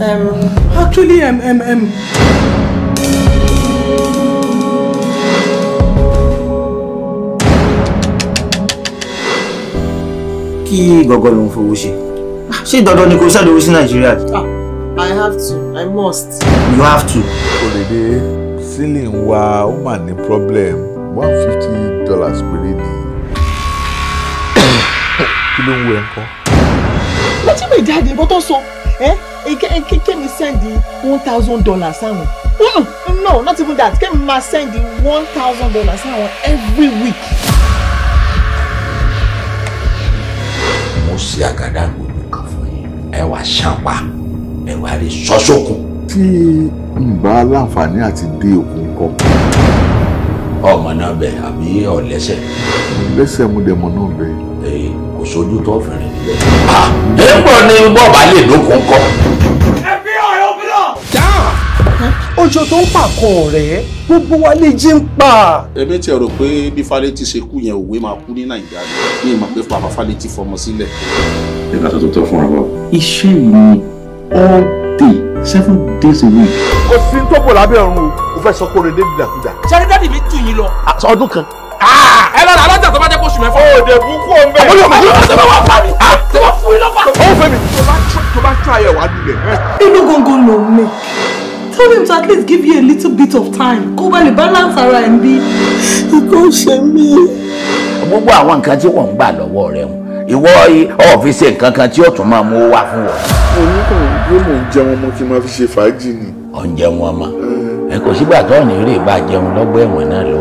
Um, actually, um, um, um. Ki gogo ló ń fowó ṣe ṣé dandan ni kò ṣàdéhùn sí nàìjíríà. Ah, I have to I must. You have to. òdèdè ceiling wa ó mà ní problem one fifty dollars péré ni Kilo ló ń wo ẹ̀ ń kọ́. mo ti bẹ̀ so Eh? kémi sẹ́ndì one thousand dollars sáwọn mm, no not even that kémi máa sẹ́ndì one thousand dollars sáwọn every week. mo ṣe àgàdà gbogbo kan fún yín ẹ wá ṣàpá ẹ wá rí sọ́sọ́kùn. tí n bá láǹfààní àti dé òkun kọ. ọmọ náà bẹ àbí ọlẹsẹ. ọlẹsẹ mo dẹ mọ náà bẹ. kò sójú tó fẹ́rẹ̀ níbẹ̀. ẹ pọ̀ ní bọ́ọ̀bà lè dókun kọ́. ọjọ́ tó ń pàkọ́ ọ̀rẹ́ gbogbo wa lè jí ń pa. ẹbí tí ẹ rò pé bí Fálétí ṣe kú yẹn òwe máa kú ní Nàìjíríà ní ìmọ̀ pé pàpà Fálétí fọmọ sílẹ̀. ẹ ká tó tọ́ fún wa. iṣẹ́ yìí all day seven days a week. kò sí tó bò lábẹ́ ọ̀run o fẹ́ sọ pé orin débi dàkúdà. ṣẹ́ni dáàdì mi tù yín lọ. ọdún kan. ẹ lọ́la alájà tó bá jẹ́ kó oṣù mẹ́fà. òde bukú ọ̀nbẹ. àwọn yóò máa yọ ọ̀sẹ̀ máa fún mi. tó bá tó ayọ̀ wá lulẹ̀. inú gbọ̀ngàn ló ń mi tell him to at least give you a little bit of time Go bá lè balance ara ẹ̀ ń bí. ikú ṣe mí. gbogbo àwọn nǹkan tí wọ́n ń gbà lọ́wọ́ rẹ̀ wọn ìwọ ọ́fíìsì nǹkan kan tí ó tún máa mú wá fún wọn. mo ní kàn yóò mọ̀ ń jẹun ọmọ kí n máa fi ṣe fàájì ni. ọ̀ ń jẹun ọmọ ẹ kò sígbà tó ò ní rí jẹun lọ́gbọ́ ẹ̀wọ̀n náà lọ.